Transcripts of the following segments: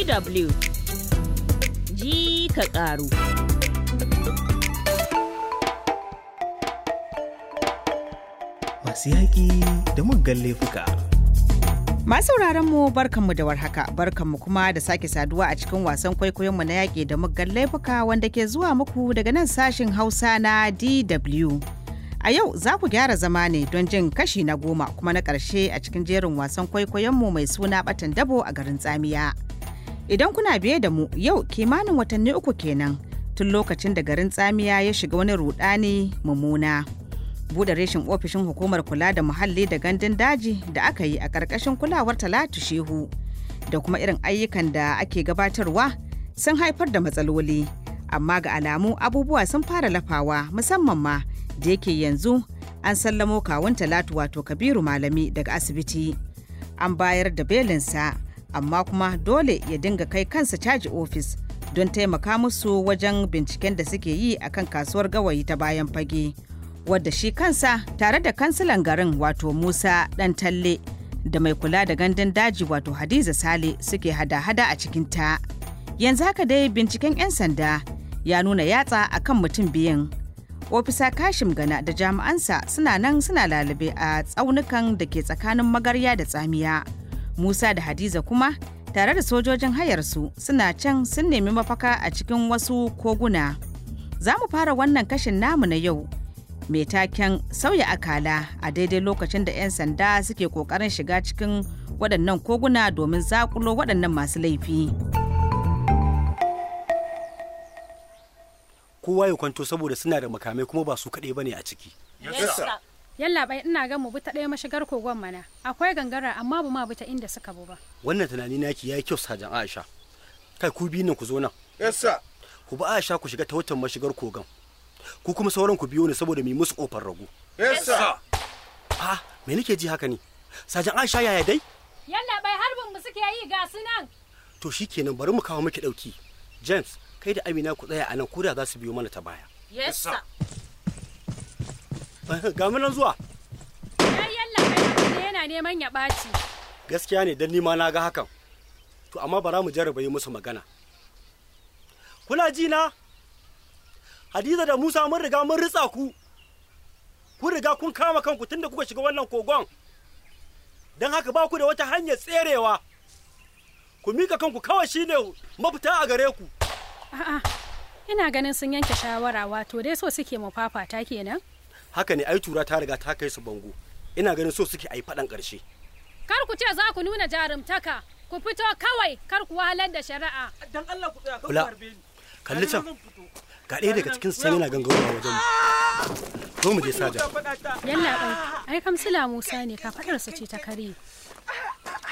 DW ji ka ƙaru. Masu yaƙi da muggan laifuka. Masu mu barkanmu da warhaka, barkanmu kuma da sake saduwa a cikin wasan kwaikwayonmu na yaƙi da muggan laifuka wanda ke zuwa muku daga nan sashin Hausa na DW. A yau za ku gyara zama ne don jin kashi na goma kuma na ƙarshe a cikin jerin wasan kwaikwayonmu mai suna batan dabo a garin tsamiya. Idan kuna biye da mu yau kimanin watanni uku kenan tun lokacin da garin tsamiya ya shiga wani rudani mummuna. Buɗe reshen ofishin hukumar kula da muhalli da gandun daji da aka yi a ƙarƙashin kulawar Talatu Shehu da kuma irin ayyukan da ake gabatarwa sun haifar da matsaloli. Amma ga alamu abubuwa sun fara lafawa musamman ma da yake yanzu an sallamo kawun Talatu wato Kabiru Malami daga asibiti. An bayar da belinsa. amma kuma dole ya dinga kai kansa caji ofis don taimaka musu wajen binciken da suke yi a kan kasuwar gawayi ta bayan fage wadda shi kansa tare da kansilan garin wato musa dan talle da mai kula da gandun daji wato hadiza sale suke hada-hada a cikin ta yanzu haka dai binciken 'yan sanda ya nuna yatsa a kan mutum biyan ofisa kashim gana da jami'ansa suna nan suna lalube a tsaunukan da ke tsakanin magarya da tsamiya Musa da Hadiza kuma tare da sojojin hayarsu suna can sun nemi mafaka a cikin wasu koguna. Za mu fara wannan kashin namu na yau. Mai taken sauya akala a daidai lokacin da 'yan sanda suke kokarin shiga cikin waɗannan koguna domin zaƙulo waɗannan masu laifi. Kowa ya kwanto saboda suna da makamai kuma ba su kaɗai ba ne a ciki. yalla bai ina ga mu bi ta ɗaya mashigar kogon mana akwai gangara amma ba ma bi ta inda suka bu ba wannan tunani naki yayi kyau sajan Aisha kai ku biyu nan ku zo nan yassa ku bi Aisha ku shiga ta wutan mashigar kogon ku kuma sauran ku biyo ni saboda mu musu kofar ragu. yassa ha me nake ji haka ne sajan Aisha yaya dai yalla bai harbin mu suke yi ga su nan to shikenan bari mu kawo miki dauki James kai da Amina ku tsaya anan nan da za su biyo mana ta baya yes Eh, ga nan zuwa yayyan labai yana neman ya ɓaci gaskiya ne dan nima na ga hakan to amma bara mu jarraba yi musu magana kuna ji na hadiza da musa mun riga mun ritsa ku kun riga kun kama kanku tunda kuka shiga wannan kogon don haka ba ku da wata hanyar tserewa ku mika kanku kawai shine mafita a gare ku a'a ina ganin sun yanke shawara wato dai so suke mu fafata kenan haka ne ai tura ta riga ta kai su bango ina ganin so suke ai faɗan ƙarshe kar ku ce za ku nuna jarumtaka ku fito kawai kar ku wahalar da shari'a dan Allah ku tsaya ku kalli can ga ɗaya daga cikin san yana gangarowa wajen mu ah! zo mu je saja yalla bai ai Musa ne ka fadar su ce ta kare ah!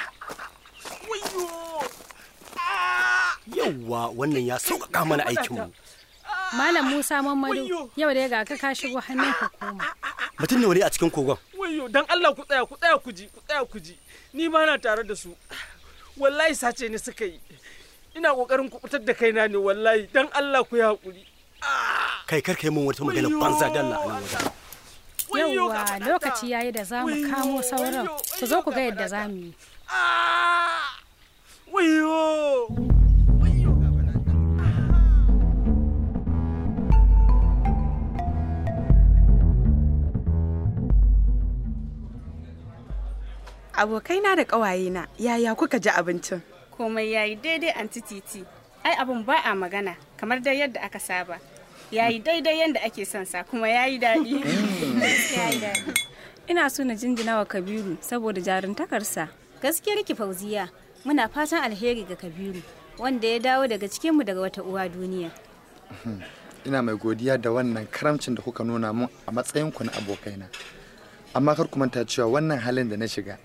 ah! yawwa wannan ya sauƙaƙa mana aikinmu Malam Musa Mamadu yau da ga ka ka shigo hannun hukuma. Mutum ne wani a cikin kogon. Wayyo dan Allah ku tsaya ku tsaya ku ji ku tsaya ku ji. Ni ma na tare da su. Wallahi sace ne suka yi. Ina kokarin kubutar da kaina ne wallahi dan Allah ku yi hakuri. Kai kar kai mun wata magana banza da allah nan wajen. Yawwa lokaci yayi da za mu kamo sauran. Ku zo ku ga yadda za mu yi. Ah! Wayo! abokaina da ƙawayena yaya kuka ji abincin komai yayi daidai anti titi ai abin ba a magana kamar dai yadda aka saba yayi daidai yadda ake son sa kuma yayi daɗi mm. ina so na jinjina wa kabiru saboda sa gaskiyar ki fauziya muna fatan alheri ga kabiru wanda ya dawo daga cikinmu daga wata uwa duniya ina mai godiya da wannan karamcin da kuka nuna mun a matsayinku na abokaina amma kar ku manta cewa wannan halin da na shiga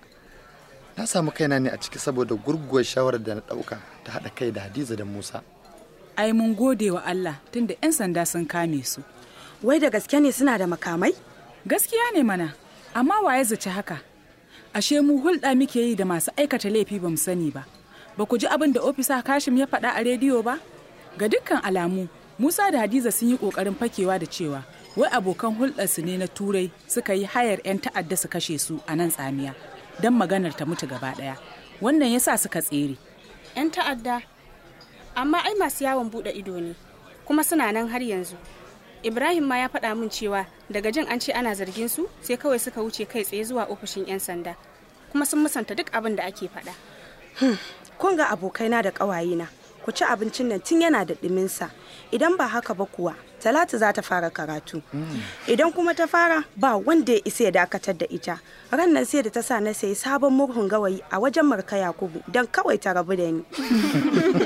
na samu kaina ne a ciki saboda gurguwar shawarar da na ɗauka ta haɗa kai da hadiza da musa ai mun gode wa allah tunda 'yan sanda sun kame su wai da gaske ne suna da makamai gaskiya ne mana amma waye zaci haka ashe mu hulɗa muke yi da masu aikata laifi ba mu sani ba ba ku ji abin da ofisa kashim ya faɗa a rediyo ba ga dukkan alamu musa da hadiza sun yi ƙoƙarin fakewa da cewa wai abokan hulɗarsu ne na turai suka yi hayar 'yan ta'adda su kashe su a nan tsamiya don maganar ta mutu gaba ɗaya wannan ya sa suka tsere 'yan ta'adda amma ai masu yawon buɗe ido ne kuma suna nan har yanzu ibrahim ma ya faɗa min cewa daga jin an ce ana zargin su sai kawai suka wuce kai tsaye zuwa ofishin 'yan sanda kuma sun musanta duk abin da ake faɗa hmm, kun ga abokaina da ƙawayena ku ci abincin nan tun yana da ɗuminsa idan ba haka ba kuwa talatu za ta fara karatu hmm. idan kuma ta fara ba wanda ya isa ya dakatar da ita ran nan sai da ta sa na sayi sabon murhun gawayi a wajen marka yakubu don kawai ta rabu da ni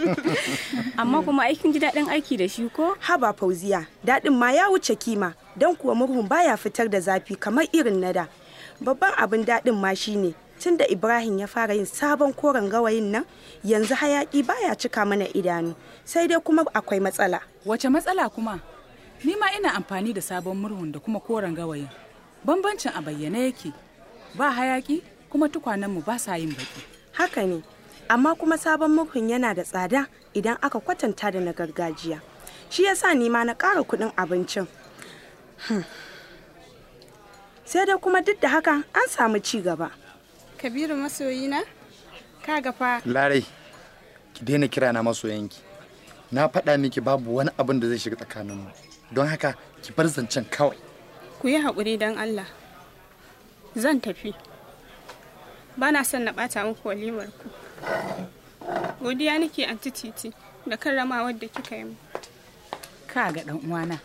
amma kuma aikin ji daɗin aiki da shi ko haba fauziya daɗin ma ya wuce kima don kuwa murhun baya fitar da zafi kamar irin na da babban abin daɗin ma shine tun da ibrahim ya fara yin sabon koren gawayin nan yanzu hayaki baya cika mana idanu sai dai kuma akwai matsala wace matsala kuma ni ma ina amfani da sabon murhun da kuma koren gawayin bambancin a bayyana yake ba hayaki kuma tukwanenmu ba sa yin baki haka ne amma kuma sabon murhun yana da tsada idan aka kwatanta da na gargajiya shi yasa ni ma na ƙara kuɗin abincin hmm. sai dai kuma duk da haka an samu ci gaba kabiru masoyina ka gafa larai ki daina kira na masoyanki na faɗa miki babu wani abin da zai shiga tsakaninmu don haka ki bar zancen kawai ku yi haƙuri don allah zan tafi ba na son na ɓata muku walimar ku godiya nake anti titi da karramawar da kika yi ka ga ɗan uwana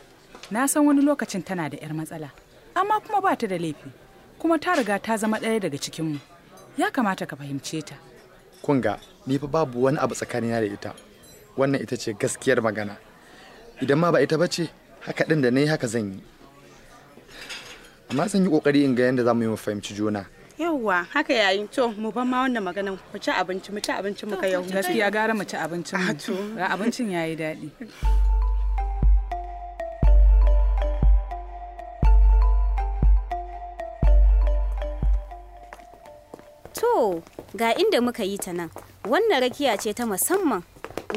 na san wani lokacin tana da 'yar matsala amma kuma ba ta da laifi kuma ta riga ta zama ɗaya daga cikinmu ya kamata ka fahimce ta kun ga ni fa babu wani abu tsakanina da ita wannan ita ce gaskiyar magana idan ma ba ita ba ce haka ɗin da na yi haka zan yi amma zan yi ƙoƙari in ga yadda za mu yi mu fahimci juna yawwa haka yayin to mu ban ma wannan magana mu ci abinci mu ci abincin mu ka yau gaskiya gara mu ci abinci mu ah, abincin yayi daɗi to ga inda muka yi ta nan wannan rakiya ce ta musamman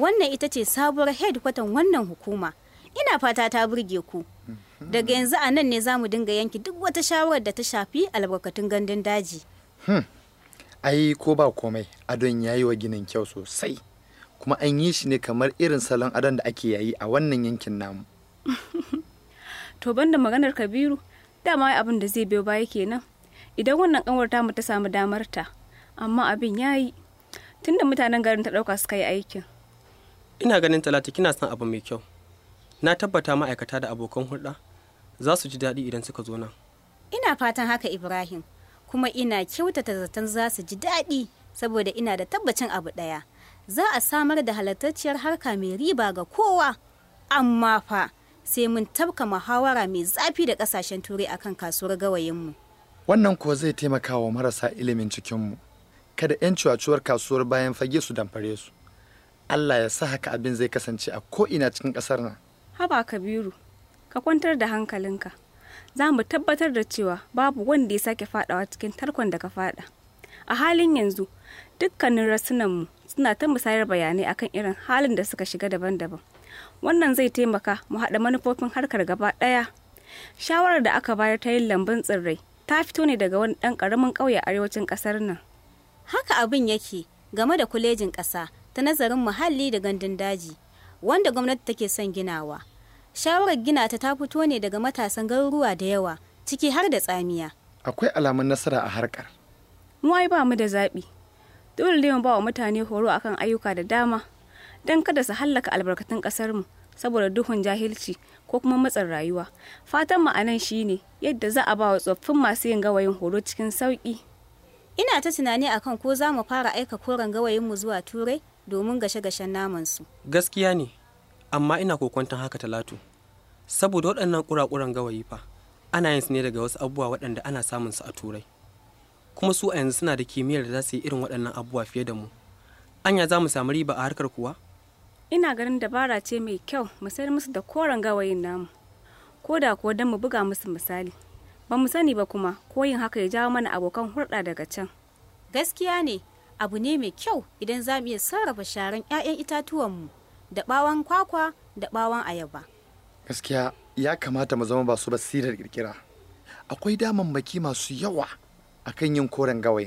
wannan ita ce sabuwar headquarter wannan hukuma ina fata ta burge ku daga yanzu a nan ne za mu dinga yanki duk wata shawarar da ta shafi albarkatun gandun daji hmm. ai ko ba komai adon ya yi wa ginin kyau sosai kuma an yi shi ne kamar irin salon adon da ake yayi a wannan yankin namu to banda maganar kabiru dama abin da zai biyo baya kenan idan wannan kanwar tamu ta samu damar ta amma abin ya yi tunda mutanen garin ta dauka suka yi aikin ina ganin talata kina son abu mai kyau na tabbata ma'aikata da abokan hulɗa za su ji daɗi idan suka zo nan ina fatan haka ibrahim kuma ina kyautata zaton za su ji daɗi saboda ina da tabbacin abu ɗaya za a samar da halartacciyar harka mai riba ga kowa amma fa sai mun tabka muhawara mai zafi da ƙasashen turai akan kasuwar gawayinmu wannan kuwa zai taimaka wa marasa ilimin cikinmu kada 'yan cuwacuwar kasuwar bayan fage su damfare su allah ya sa haka abin zai kasance a ko'ina cikin ƙasar nan haba kabiru ka kwantar da hankalinka za mu tabbatar da cewa babu wanda ya sake fadawa cikin tarkon da ka fada a halin yanzu dukkanin rasunanmu suna ta musayar bayanai akan irin halin da suka shiga daban-daban wannan zai taimaka mu haɗa manufofin harkar gaba ɗaya shawarar da aka bayar ta yin lambun tsirrai ta fito ne daga wani ɗan ƙaramin ƙauye arewacin ƙasar nan haka abin yake game da kulejin ƙasa ta nazarin muhalli da gandun daji wanda gwamnati take son ginawa shawarar gina ta ta fito ne daga matasan garuruwa da yawa ciki har da tsamiya akwai alamun nasara a harkar mu ai ba mu da zaɓi dole ne mu ba wa mutane horo akan ayyuka da dama don kada su hallaka albarkatun ƙasar mu saboda duhun jahilci ko kuma matsin rayuwa fatan mu anan shine yadda za a ba wa tsoffin masu yin gawayin horo cikin sauƙi ina ta tunani akan ko za mu fara aika koren gawayin mu zuwa turai domin gashe-gashen namansu. Gaskiya ne, amma ina kokwanton haka talatu. Saboda waɗannan ƙura ƙura-ƙuran gawayi fa, ana yin su ne daga wasu abubuwa waɗanda ana samun su a turai. Kuma su a yanzu suna da kimiyyar da za su yi irin waɗannan abubuwa fiye da mu. Anya za mu samu riba a harkar kuwa? Ina ganin dabara ce mai kyau mu sayar musu da koren gawayin namu. Ko da kuwa don mu buga musu misali. Ba mu sani ba kuma ko yin haka ya jawo mana abokan hulɗa daga can. Gaskiya ne, abu ne mai kyau idan za mu iya sarrafa sharan 'ya'yan itatuwanmu da ɓawon kwakwa da ɓawon ayaba. Gaskiya ya kamata mu zama ba su basirar kirkira. Akwai maki masu yawa akan yin koren gawayi.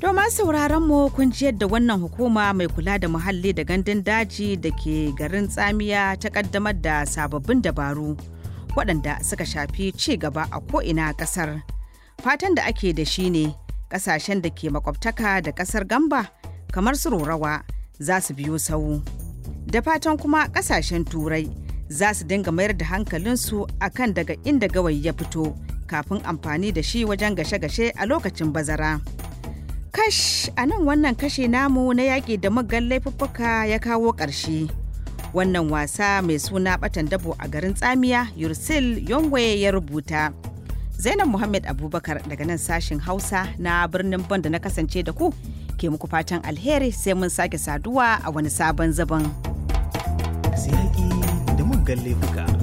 Domin sauraron mu kun ji yadda wannan hukuma mai kula da muhalli da gandun daji da ke garin tsamiya ta kaddamar da sababbin dabaru. waɗanda suka shafi ci gaba a ko'ina ina ƙasar. Fatan da ake da shi ne ƙasashen da ke makwabtaka da ƙasar Gamba kamar su Rorawa za su biyo sawu. Da fatan kuma ƙasashen Turai za su dinga mayar da hankalinsu a kan daga inda gawayi ya fito kafin amfani da shi wajen gashe-gashe a lokacin bazara. Kash a nan wannan kashe namu na yaƙi da muggan laifuffuka ya kawo ƙarshe. wannan wasa mai suna batan dabo a garin tsamiya yursil yongwe ya rubuta zainab muhammad abubakar daga nan sashen hausa na birnin ban da na kasance da ku ke muku fatan alheri sai mun sake saduwa a wani sabon zaban. Siyaki da galle laifuka.